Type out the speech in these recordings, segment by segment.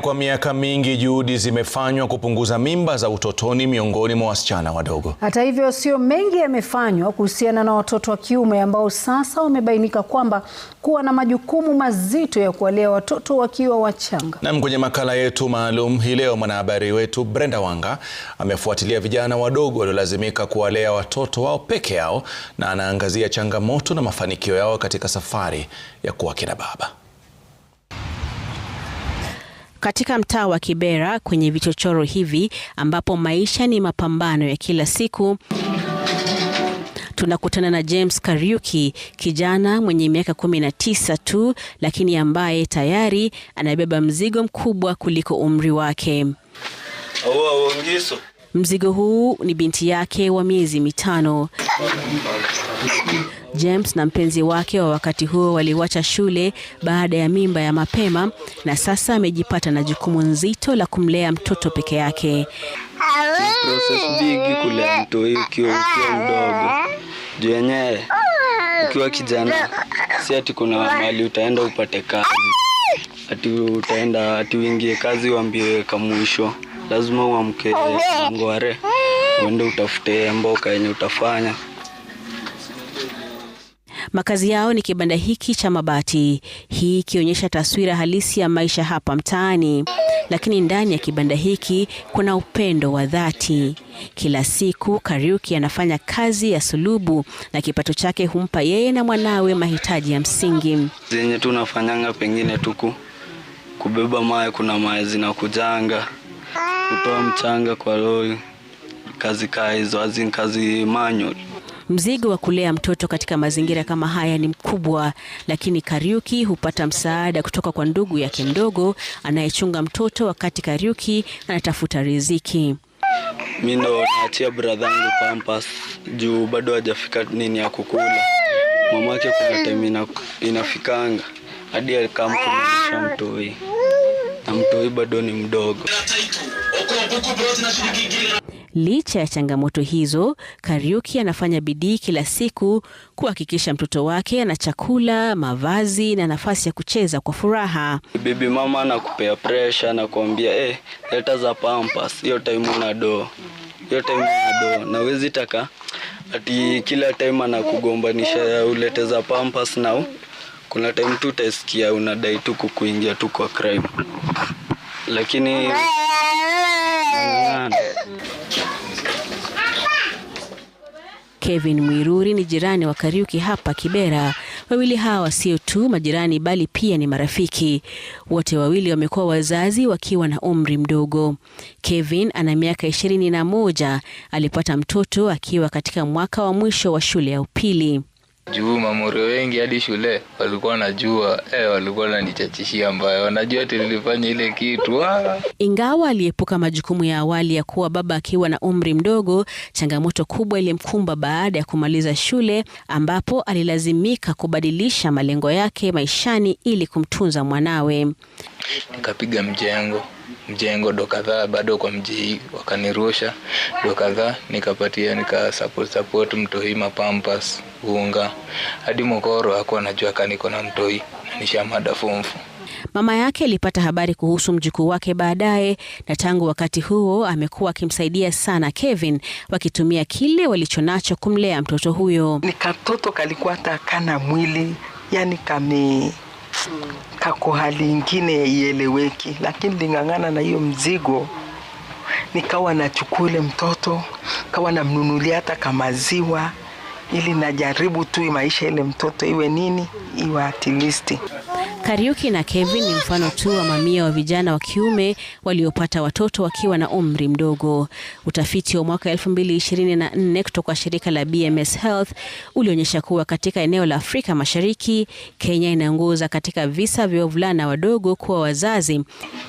kwa miaka mingi juhudi zimefanywa kupunguza mimba za utotoni miongoni mwa wasichana wadogo. Hata hivyo, sio mengi yamefanywa kuhusiana na watoto wa kiume ambao sasa wamebainika kwamba kuwa na majukumu mazito ya kuwalea watoto wakiwa wachanga. Nam, kwenye makala yetu maalum hii leo mwanahabari wetu Brenda Wanga amefuatilia vijana wadogo waliolazimika kuwalea watoto wao peke yao na anaangazia changamoto na mafanikio yao katika safari ya kuwa kina baba katika mtaa wa Kibera kwenye vichochoro hivi ambapo maisha ni mapambano ya kila siku tunakutana na James Kariuki, kijana mwenye miaka kumi tu, lakini ambaye tayari anabeba mzigo mkubwa kuliko umri wake. Awa, Mzigo huu ni binti yake wa miezi mitano. James na mpenzi wake wa wakati huo waliwacha shule baada ya mimba ya mapema na sasa amejipata na jukumu nzito la kumlea mtoto peke yake. ukiwa mdogo. Juu yenyewe ukiwa kijana si ati kuna mali utaenda upate kazi. Ati utaenda ati uingie kazi uambiwe kamwisho lazima uamke ngware, uende utafute mboka yenye utafanya. Makazi yao ni kibanda hiki cha mabati, hii ikionyesha taswira halisi ya maisha hapa mtaani. Lakini ndani ya kibanda hiki kuna upendo wa dhati. Kila siku Kariuki anafanya kazi ya sulubu na kipato chake humpa yeye na mwanawe mahitaji ya msingi. Zenye tunafanyanga pengine tuku kubeba maye kuna na zinakujanga kutoa mchanga kwa lori, kazi kaa hizo kazi manual. Mzigo wa kulea mtoto katika mazingira kama haya ni mkubwa, lakini Kariuki hupata msaada kutoka kwa ndugu yake mdogo anayechunga mtoto wakati Kariuki anatafuta riziki. Mi ndo naachia brother bradhangu pampas juu bado hajafika nini ya kukula. Mama yake kuna time inafikanga hadi akamkulisha mtoi na mtoi bado ni mdogo. Licha ya changamoto hizo, Kariuki anafanya bidii kila siku kuhakikisha mtoto wake ana chakula, mavazi na nafasi ya kucheza kwa furaha. Bibi mama anakupea pressure, anakuambia eh, leta za pampas, hiyo time una do, hiyo time una doo na wezi taka ati kila time anakugombanisha ulete za pampas. Nao kuna time tu utasikia unadai tu kukuingia tu kwa crime lakini Kevin Mwiruri ni jirani wa Kariuki hapa Kibera. Wawili hawa sio tu majirani bali pia ni marafiki. Wote wawili wamekuwa wazazi wakiwa na umri mdogo. Kevin ana miaka ishirini na moja, alipata mtoto akiwa katika mwaka wa mwisho wa shule ya upili juu mamuri wengi hadi shule walikuwa wanajua eh, walikuwa wananichachishia mbaya, wanajua tulifanya ile kitu ah. Ingawa aliepuka majukumu ya awali ya kuwa baba akiwa na umri mdogo, changamoto kubwa ilimkumba baada ya kumaliza shule, ambapo alilazimika kubadilisha malengo yake maishani ili kumtunza mwanawe. Nikapiga mjengo mjengo do kadhaa bado kwa mji wakanirusha do kadhaa nikapatia nika support, support mtoi mapampas unga hadi mokoro hako anajua kaniko na mtoi nishamada fumfu Mama yake alipata habari kuhusu mjukuu wake baadaye, na tangu wakati huo amekuwa akimsaidia sana Kevin, wakitumia kile walichonacho kumlea mtoto huyo. Ni katoto kalikuwa takana mwili, yani kame kako hali ingine ieleweki lakini ling'ang'ana na hiyo mzigo, nikawa nachukua ile mtoto kawa namnunulia hata kamaziwa ili najaribu tu maisha ile mtoto iwe nini, iwe atilisti Kariuki na Kevin ni mfano tu wa mamia wa vijana wa kiume waliopata watoto wakiwa na umri mdogo. Utafiti wa mwaka 2024 kutoka shirika la BMS Health ulionyesha kuwa katika eneo la Afrika Mashariki, Kenya inaongoza katika visa vya wavulana wadogo kuwa wazazi.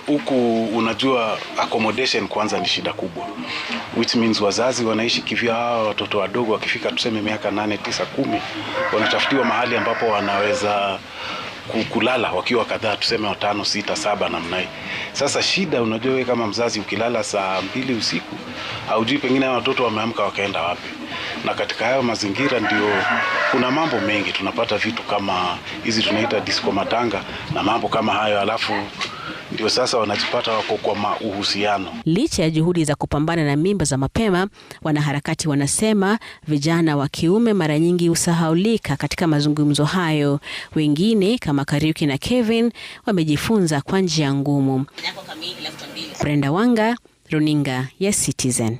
Huku unajua accommodation kwanza ni shida kubwa. Which means wazazi wanaishi kivyo. kivyao, watoto wadogo wakifika tuseme miaka 8, 9, 10 wanatafutiwa mahali ambapo wanaweza kulala wakiwa kadhaa, tuseme watano, sita, saba namna hii. Sasa shida, unajua wewe kama mzazi ukilala saa mbili usiku haujui pengine watoto wameamka wakaenda wapi, na katika hayo mazingira ndio kuna mambo mengi tunapata vitu kama hizi tunaita disco matanga na mambo kama hayo, alafu ndio sasa wanajipata wako kwa mauhusiano. Licha ya juhudi za kupambana na mimba za mapema, wanaharakati wanasema vijana wa kiume mara nyingi husahaulika katika mazungumzo hayo. Wengine kama Kariuki na Kevin wamejifunza kwa njia ngumu. Brenda Wanga, Runinga ya Citizen.